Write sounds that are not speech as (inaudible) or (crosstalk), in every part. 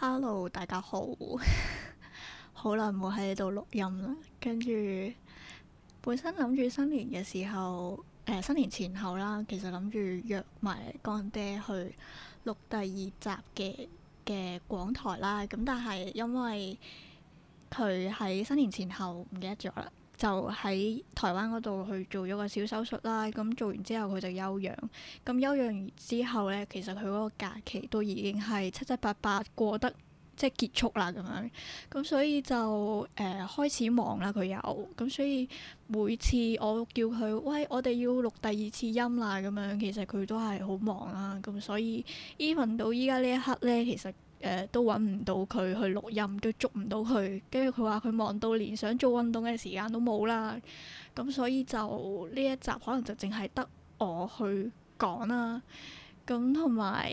Hello，大家好，好耐冇喺度錄音啦，跟住本身諗住新年嘅時候，誒、呃、新年前後啦，其實諗住約埋乾爹去錄第二集嘅嘅廣台啦，咁但係因為佢喺新年前後唔記得咗啦。就喺台灣嗰度去做咗個小手術啦，咁做完之後佢就休養，咁休養完之後咧，其實佢嗰個假期都已經係七七八八過得即係結束啦咁樣，咁所以就誒、呃、開始忙啦佢有，咁所以每次我叫佢喂我哋要錄第二次音啦咁樣，其實佢都係好忙啦、啊，咁所以 even 到依家呢一刻咧，其實。誒、呃、都揾唔到佢去錄音，都捉唔到佢，跟住佢話佢忙到連想做運動嘅時間都冇啦，咁、嗯、所以就呢一集可能就淨係得我去講啦，咁同埋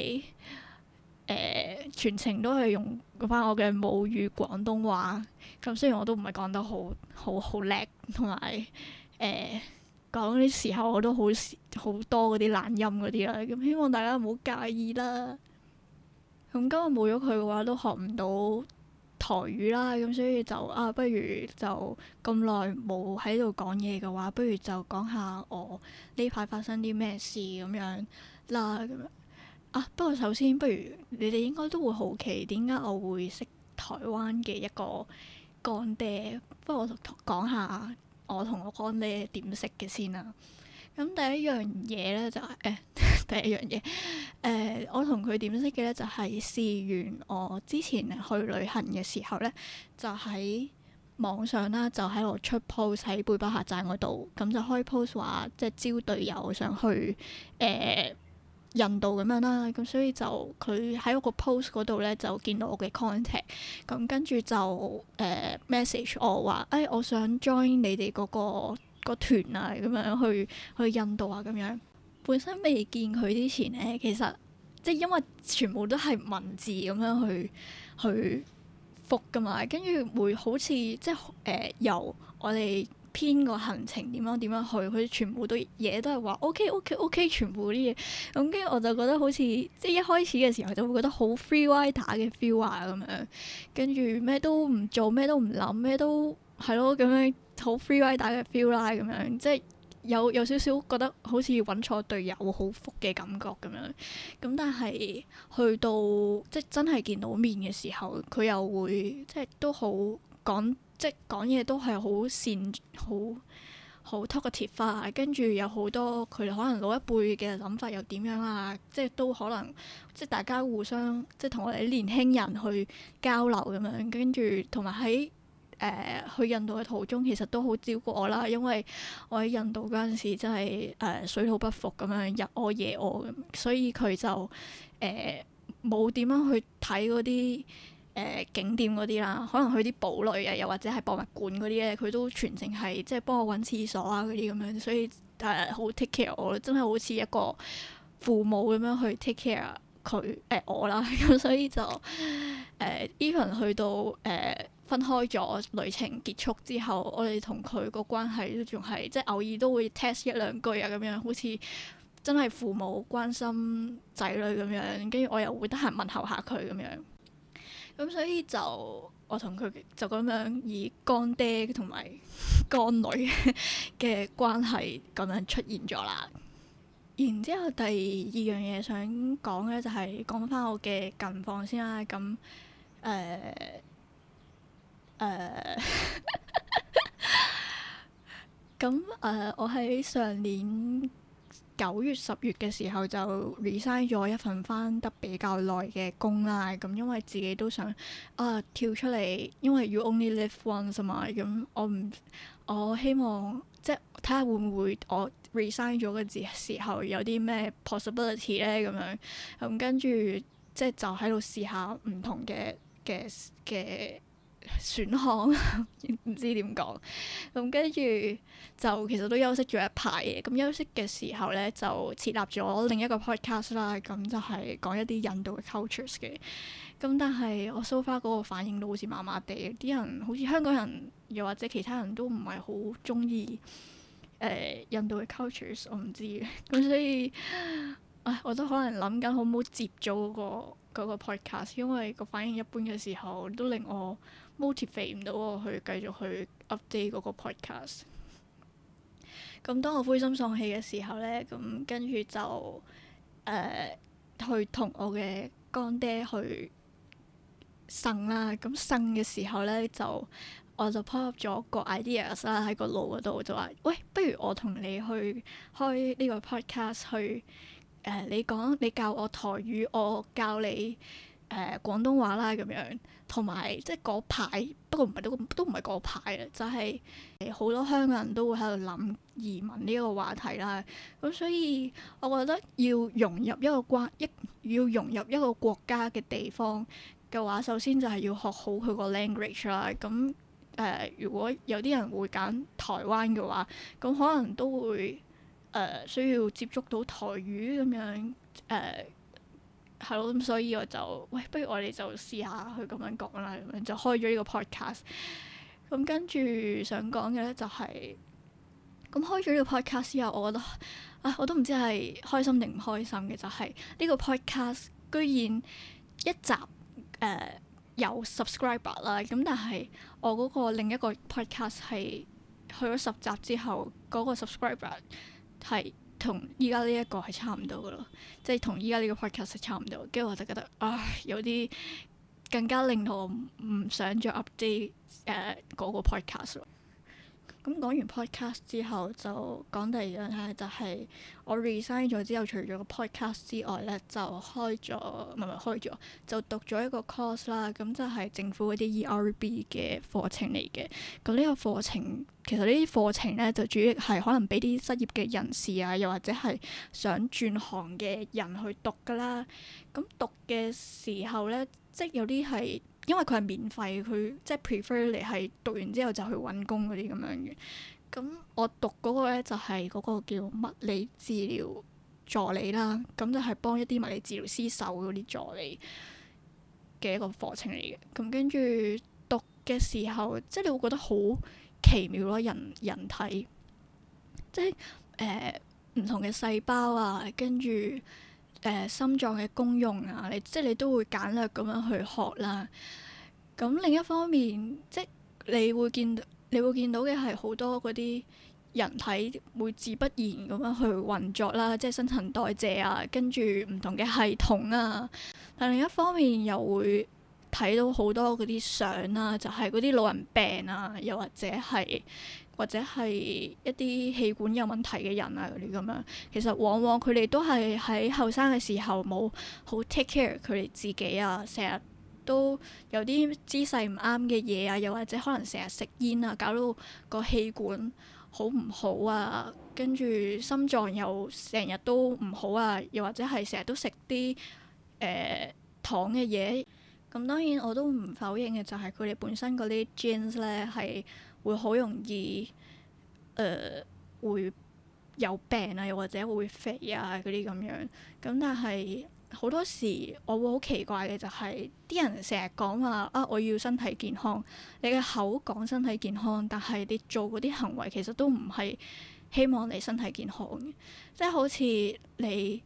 誒全程都係用翻我嘅母語廣東話，咁、嗯、雖然我都唔係講得好好好叻，同埋誒講嘅時候我都好好多嗰啲懶音嗰啲啦，咁、嗯、希望大家唔好介意啦。咁今日冇咗佢嘅話，都學唔到台語啦。咁所以就啊，不如就咁耐冇喺度講嘢嘅話，不如就講下我呢排發生啲咩事咁樣啦。咁啊，不過首先，不如你哋應該都會好奇點解我會識台灣嘅一個乾爹。不過我同講下我同我乾爹點識嘅先啦。咁、啊、第一樣嘢咧就係、是、誒。欸第一樣嘢，誒、呃，我同佢點識嘅咧，就係、是、試完我之前去旅行嘅時候咧，就喺網上啦，就喺我出 post 喺背包客棧嗰度，咁就開 post 話即係招隊友想去誒、呃、印度咁樣啦，咁所以就佢喺我個 post 嗰度咧就見到我嘅 contact，咁跟住就誒、呃、message 我話，誒、哎、我想 join 你哋嗰、那個個團啊，咁樣去去印度啊，咁樣。本身未見佢之前咧，其實即係因為全部都係文字咁樣去去覆㗎嘛，跟住會好似即係誒、呃、由我哋編個行程點樣點樣去，佢全部都嘢都係話 OK OK OK，全部啲嘢咁，跟、嗯、住我就覺得好似即係一開始嘅時候就會覺得好 free writer 嘅 feel 啊咁樣，跟住咩都唔做，咩都唔諗，咩都係咯咁樣好 free writer 嘅 feel 啦、啊、咁樣，即係。有有少少覺得好似揾錯隊友好複嘅感覺咁樣，咁但係去到即真係見到面嘅時候，佢又會即都好講即講嘢都係好善好好 talkative，跟住有好多佢哋可能老一輩嘅諗法又點樣啊，即都可能即大家互相即同我哋年輕人去交流咁樣，跟住同埋喺。誒、呃、去印度嘅途中其實都好照顧我啦，因為我喺印度嗰陣時真係誒、呃、水土不服咁樣，日屙夜屙咁，所以佢就誒冇點樣去睇嗰啲誒景點嗰啲啦，可能去啲堡壘啊，又或者係博物館嗰啲咧，佢都全程係即係幫我揾廁所啊嗰啲咁樣，所以誒好、呃、take care 我，真係好似一個父母咁樣去 take care 佢誒、呃、我啦，咁 (laughs) 所以就誒 even、呃、去到誒。呃分開咗，旅程結束之後，我哋同佢個關係都仲係，即係偶爾都會 text 一兩句啊，咁樣好似真係父母關心仔女咁樣，跟住我又會得閒問候下佢咁樣。咁所以就我同佢就咁樣以乾爹同埋乾女嘅 (laughs) 關係咁樣出現咗啦。然之後第二樣嘢想講咧，就係講翻我嘅近況先啦、啊。咁誒。呃誒，咁誒、uh, (laughs) ，uh, 我喺上年九月、十月嘅時候就 resign 咗一份翻得比較耐嘅工啦。咁因為自己都想啊、uh, 跳出嚟，因為 you only live once 啊嘛。咁我唔我希望即係睇下會唔會我 resign 咗嘅時時候有啲咩 possibility 咧？咁樣咁跟住即係就喺度試下唔同嘅嘅嘅。選項唔 (laughs) 知點講，咁跟住就其實都休息咗一排嘅。咁、嗯、休息嘅時候咧，就設立咗另一個 podcast 啦。咁、嗯、就係、是、講一啲印度嘅 cultures 嘅。咁、嗯、但係我 so 搜翻嗰個反應都好似麻麻地，啲人好似香港人又或者其他人都唔係好中意誒印度嘅 cultures。我唔知咁，所以唉，我都可能諗緊好唔好接咗嗰、那個嗰、那個 podcast，因為個反應一般嘅時候都令我。motivate 唔到我去繼續去 update 嗰個 podcast。咁 (laughs) 當我灰心喪氣嘅時候咧，咁跟住就誒、呃、去同我嘅乾爹去呻啦、啊。咁呻嘅時候咧，就我就 pop up 咗個 ideas 啦、啊、喺個腦嗰度，就話：喂，不如我同你去開呢個 podcast，去誒、呃、你講，你教我台語，我教你，誒、呃、廣東話啦，咁樣，同埋即係嗰排，不過唔係都都唔係嗰排啊，就係誒好多香港人都會喺度諗移民呢個話題啦。咁所以我覺得要融入一個國一，要融入一個國家嘅地方嘅話，首先就係要學好佢個 language 啦。咁誒、呃，如果有啲人會揀台灣嘅話，咁可能都會誒、呃、需要接觸到台語咁樣誒。呃係咯，咁、嗯、所以我就，喂，不如我哋就試下去咁樣講啦，咁樣就開咗呢個 podcast。咁跟住想講嘅咧就係、是，咁開咗呢個 podcast 之後，我覺得，啊，我都唔知係開心定唔開心嘅，就係、是、呢個 podcast 居然一集誒、呃、有 subscriber 啦，咁但係我嗰個另一個 podcast 係，去咗十集之後，嗰、那個 subscriber 係。同依家呢一個係差唔多嘅咯，即係同依家呢個 podcast 係差唔多，跟住我就覺得啊、呃，有啲更加令到我唔想再 update 誒、uh，嗰個 podcast 咯。咁講完 podcast 之後，就講第二樣啦，就係我 resign 咗之後，除咗個 podcast 之外咧，就開咗，唔係唔係開咗，就讀咗一個 course 啦。咁就係政府嗰啲 ERB 嘅課程嚟嘅。咁呢個課程其實呢啲課程咧，就主要係可能俾啲失業嘅人士啊，又或者係想轉行嘅人去讀噶啦。咁讀嘅時候咧，即有啲係。因為佢係免費，佢即係 prefer 你係讀完之後就去揾工嗰啲咁樣嘅。咁我讀嗰個咧就係嗰個叫物理治療助理啦，咁就係幫一啲物理治療師手嗰啲助理嘅一個課程嚟嘅。咁跟住讀嘅時候，即係你會覺得好奇妙咯，人、人體，即係誒唔同嘅細胞啊，跟住。誒、呃、心臟嘅功用啊，你即係你都會簡略咁樣去學啦。咁另一方面，即你會見到，你會見到嘅係好多嗰啲人體會自不然咁樣去運作啦，即係新陳代謝啊，跟住唔同嘅系統啊。但另一方面又會睇到好多嗰啲相啦，就係嗰啲老人病啊，又或者係。或者係一啲氣管有問題嘅人啊，嗰啲咁樣，其實往往佢哋都係喺後生嘅時候冇好 take care 佢哋自己啊，成日都有啲姿勢唔啱嘅嘢啊，又或者可能成日食煙啊，搞到個氣管好唔好啊，跟住心臟又成日都唔好啊，又或者係成日都食啲誒糖嘅嘢。咁當然我都唔否認嘅，就係佢哋本身嗰啲 genes 咧係，會好容易誒、呃、會有病啊，又或者會，會肥啊嗰啲咁樣。咁但係好多時我會好奇怪嘅就係、是、啲人成日講話啊，我要身體健康。你嘅口講身體健康，但係你做嗰啲行為其實都唔係希望你身體健康嘅。即、就、係、是、好似你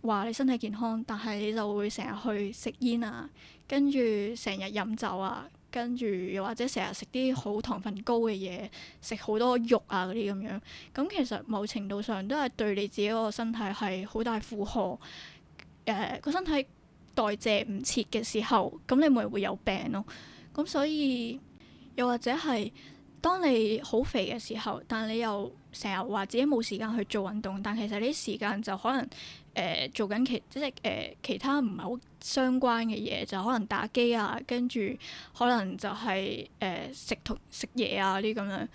話你身體健康，但係你就會成日去食煙啊，跟住成日飲酒啊。跟住又或者成日食啲好糖分高嘅嘢，食好多肉啊嗰啲咁樣，咁其實某程度上都係對你自己個身體係好大負荷。誒、呃、個身體代謝唔切嘅時候，咁你咪會有病咯。咁所以又或者係當你好肥嘅時候，但你又成日話自己冇時間去做運動，但其實啲時間就可能。誒、呃、做緊其即係誒其他唔係好相關嘅嘢，就是、可能打機啊，跟住可能就係、是、誒、呃、食同食嘢啊啲咁樣誒、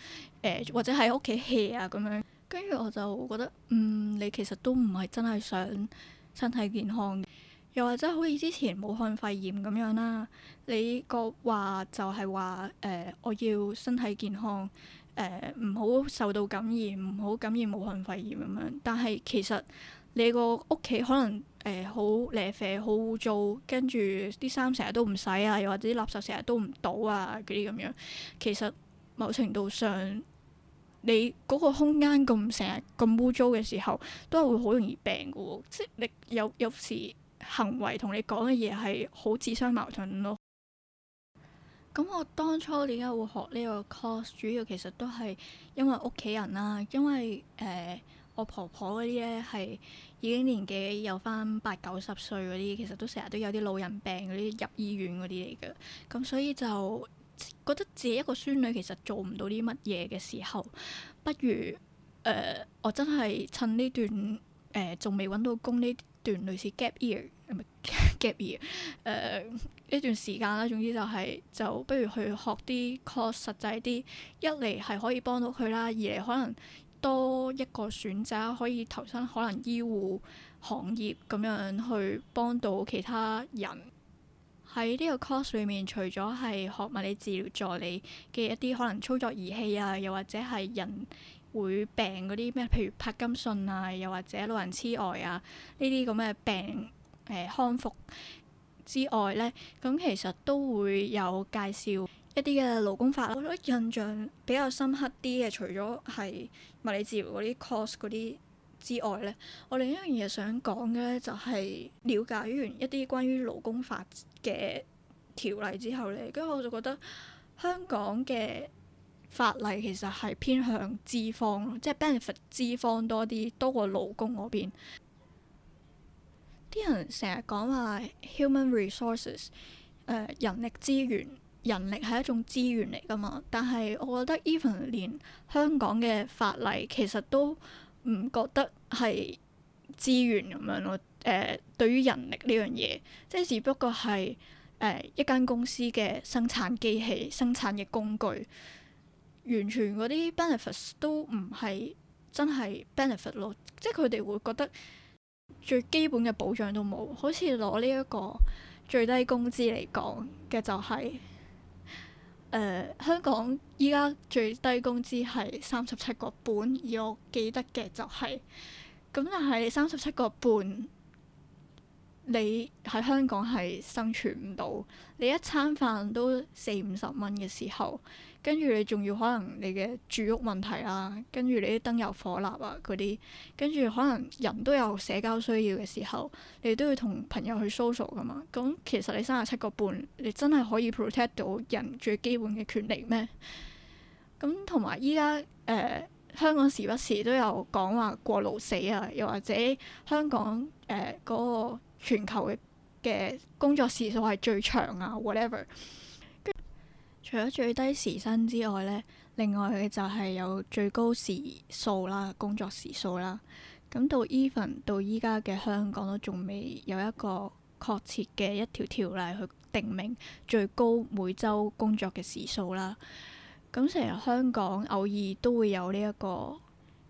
呃，或者喺屋企 hea 啊咁樣。跟住我就覺得，嗯，你其實都唔係真係想身體健康嘅，又或者好似之前武漢肺炎咁樣啦，你個話就係話誒，我要身體健康誒，呃，唔好受到感染，唔好感染武漢肺炎咁樣，但係其實。你個屋企可能誒好咧啡，好污糟，跟住啲衫成日都唔洗啊，又或者啲垃圾成日都唔倒啊，嗰啲咁樣，其實某程度上你嗰個空間咁成日咁污糟嘅時候，都係會好容易病噶喎。即係你有有時行為同你講嘅嘢係好自相矛盾咯。咁我當初點解會學呢個 course？主要其實都係因為屋企人啦、啊，因為誒。呃我婆婆嗰啲咧係已經年紀有翻八九十歲嗰啲，其實都成日都有啲老人病嗰啲入醫院嗰啲嚟嘅。咁所以就覺得自己一個孫女其實做唔到啲乜嘢嘅時候，不如誒、呃，我真係趁呢段誒仲未揾到工呢段類似 gap year 唔係 (laughs) gap year 誒、呃、呢段時間啦。總之就係、是、就不如去學啲 course，實際啲，一嚟係可以幫到佢啦，二嚟可能。多一個選擇，可以投身可能醫護行業咁樣去幫到其他人。喺呢個 course 裏面，除咗係學物理治療助理嘅一啲可能操作儀器啊，又或者係人會病嗰啲咩，譬如柏金遜啊，又或者老人痴呆啊呢啲咁嘅病誒、呃、康復之外呢，咁其實都會有介紹。一啲嘅勞工法，我覺得印象比較深刻啲嘅，除咗係物理治療嗰啲 course 嗰啲之外咧，我另一樣嘢想講嘅咧，就係了解完一啲關於勞工法嘅條例之後咧，跟住我就覺得香港嘅法例其實係偏向資方，即係、就是、benefit 資方多啲，多過勞工嗰邊。啲人成日講話 human resources，誒、呃、人力資源。人力係一種資源嚟㗎嘛，但係我覺得 even 連香港嘅法例其實都唔覺得係資源咁樣咯。誒、呃，對於人力呢樣嘢，即係只不過係誒、呃、一間公司嘅生產機器、生產嘅工具，完全嗰啲 benefits 都唔係真係 benefit 咯。即係佢哋會覺得最基本嘅保障都冇，好似攞呢一個最低工資嚟講嘅就係、是。誒、呃、香港依家最低工資係三十七個半，而我記得嘅就係、是、咁，但係三十七個半，你喺香港係生存唔到，你一餐飯都四五十蚊嘅時候。跟住你仲要可能你嘅住屋問題啦、啊，跟住你啲燈油火蠟啊嗰啲，跟住可能人都有社交需要嘅時候，你都要同朋友去 social 㗎嘛。咁其實你三十七個半，你真係可以 protect 到人最基本嘅權利咩？咁同埋依家誒香港時不時都有講話過勞死啊，又或者香港誒嗰、呃那個全球嘅嘅工作時數係最長啊，whatever。除咗最低時薪之外咧，另外佢就係有最高時數啦，工作時數啦。咁到 even 到依家嘅香港都仲未有一個確切嘅一條條例去定明最高每周工作嘅時數啦。咁成日香港偶爾都會有呢一個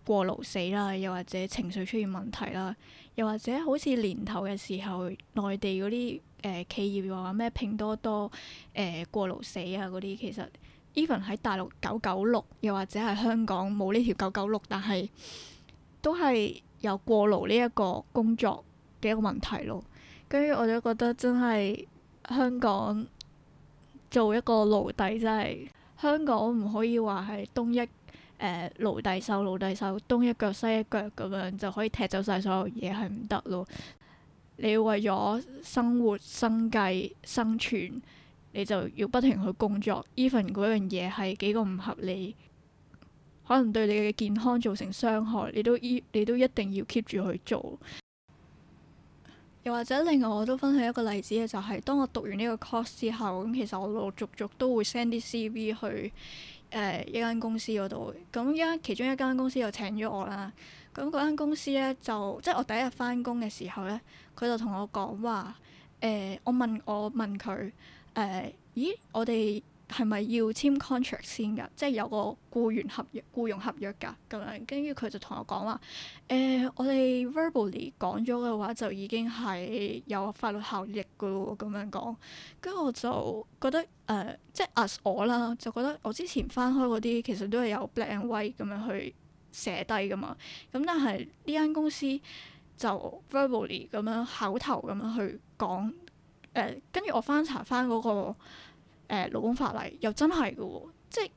過勞死啦，又或者情緒出現問題啦。又或者好似年頭嘅時候，內地嗰啲誒企業話咩拼多多誒、呃、過勞死啊嗰啲，其實 even 喺大陸九九六，又或者係香港冇呢條九九六，但係都係有過勞呢一個工作嘅一個問題咯。跟住我都覺得真係香港做一個奴隸，真係香港唔可以話係東一。Uh, 奴勞底收，勞底收，東一腳西一腳咁樣就可以踢走晒所有嘢，係唔得咯！你要為咗生活、生計、生存，你就要不停去工作。Even 嗰樣嘢係幾個唔合理，可能對你嘅健康造成傷害，你都依你都一定要 keep 住去做。又或者另外我都分享一個例子嘅，就是，就係當我讀完呢個 course 之後，咁其實我陸陸續續都會 send 啲 CV 去。誒、呃、一間公司嗰度，咁一間其中一間公司就請咗我啦，咁嗰間公司咧就即係我第一日返工嘅時候咧，佢就同我講話，誒、呃、我問我問佢，誒、呃、咦我哋係咪要簽 contract 先㗎？即係有個僱員合約，僱傭合約㗎咁樣。跟住佢就同我講話：誒、呃，我哋 verbally 講咗嘅話就已經係有法律效力嘅喎。咁樣講，跟住我就覺得誒、呃，即係 as 我啦，就覺得我之前翻開嗰啲其實都係有 black and white 咁樣去寫低㗎嘛。咁但係呢間公司就 verbally 咁樣口頭咁樣去講。誒、呃，跟住我翻查翻、那、嗰個。誒、呃、勞工法例又真係㗎喎，即係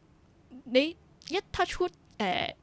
你一 touch 出誒、呃、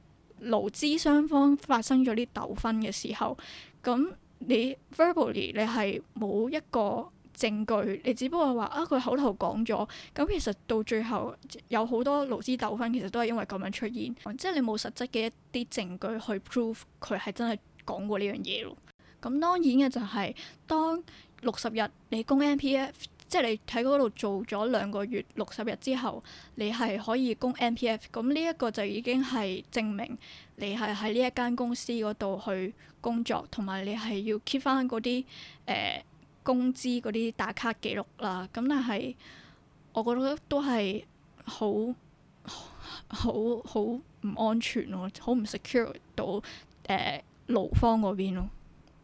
勞資雙方發生咗啲糾紛嘅時候，咁你 verbally 你係冇一個證據，你只不過話啊佢口頭講咗，咁其實到最後有好多勞資糾紛，其實都係因為咁樣出現，即係你冇實質嘅一啲證據去 prove 佢係真係講過呢樣嘢咯。咁當然嘅就係、是、當六十日你供 MPF 即係你喺嗰度做咗兩個月六十日之後，你係可以供 MPF。咁呢一個就已經係證明你係喺呢一間公司嗰度去工作，同埋你係要 keep 翻嗰啲誒工資嗰啲打卡記錄啦。咁但係我覺得都係好好好唔安全咯、啊，好唔 secure 到誒勞、呃、方嗰邊咯、啊。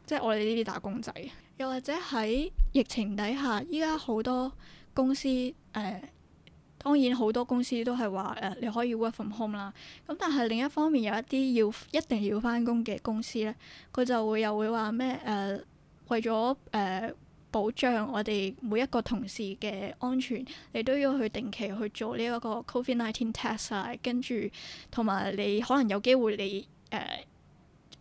即係我哋呢啲打工仔。又或者喺疫情底下，依家好多公司誒、呃，當然好多公司都係話，誒、呃，你可以 work from home 啦。咁但係另一方面，有一啲要一定要翻工嘅公司咧，佢就會又會話咩？誒，為咗誒、呃、保障我哋每一個同事嘅安全，你都要去定期去做呢一個 covid nineteen test 啊。跟住同埋你可能有機會你，你誒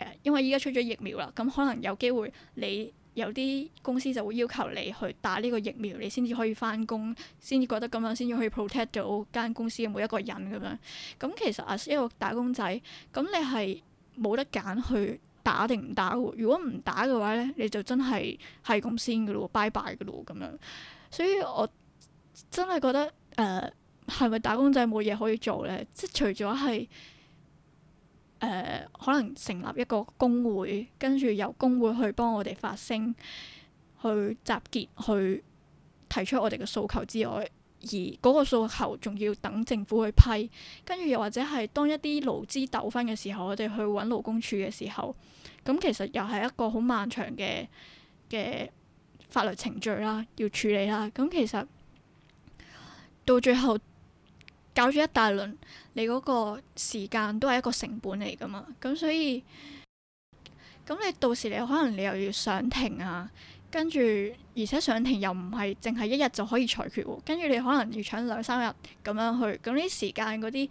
誒，因為依家出咗疫苗啦，咁可能有機會你。有啲公司就會要求你去打呢個疫苗，你先至可以翻工，先至覺得咁樣先至可以 protect 到間公司嘅每一個人咁樣。咁其實啊，一個打工仔，咁你係冇得揀去打定唔打喎。如果唔打嘅話咧，你就真係係咁先嘅咯喎，拜拜嘅咯喎咁樣。所以我真係覺得，誒係咪打工仔冇嘢可以做咧？即除咗係。誒、呃，可能成立一個工會，跟住由工會去幫我哋發聲、去集結、去提出我哋嘅訴求之外，而嗰個訴求仲要等政府去批，跟住又或者係當一啲勞資糾紛嘅時候，我哋去揾勞工處嘅時候，咁其實又係一個好漫長嘅嘅法律程序啦，要處理啦。咁其實到最後。搞咗一大輪，你嗰個時間都係一個成本嚟噶嘛，咁所以，咁你到時你可能你又要上庭啊，跟住而且上庭又唔係淨係一日就可以裁決喎，跟住你可能要搶兩三日咁樣去，咁呢時間嗰啲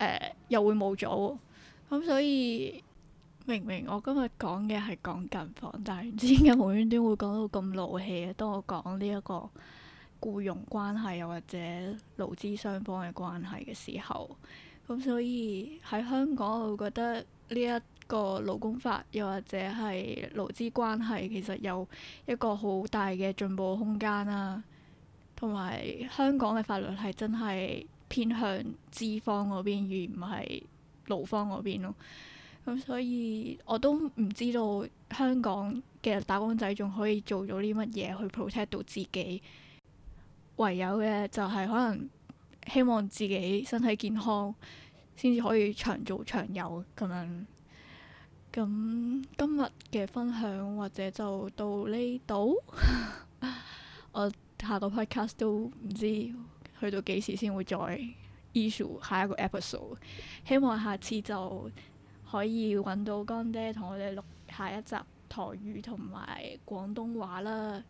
誒又會冇咗喎，咁所以明明我今日講嘅係講近況，但係唔知點解無端端會講到咁怒氣啊，當我講呢一個。僱用關係又或者勞資雙方嘅關係嘅時候，咁所以喺香港，我覺得呢一個勞工法又或者係勞資關係，其實有一個好大嘅進步空間啦，啊。同埋香港嘅法律係真係偏向資方嗰邊，而唔係勞方嗰邊咯。咁所以我都唔知道香港嘅打工仔仲可以做到啲乜嘢去 protect 到自己。唯有嘅就係可能希望自己身體健康，先至可以長做長有。咁樣。咁今日嘅分享或者就到呢度。 (laughs) 我下個 podcast 都唔知去到幾時先會再 issue 下一個 episode。希望下次就可以揾到乾爹同我哋錄下一集台語同埋廣東話啦。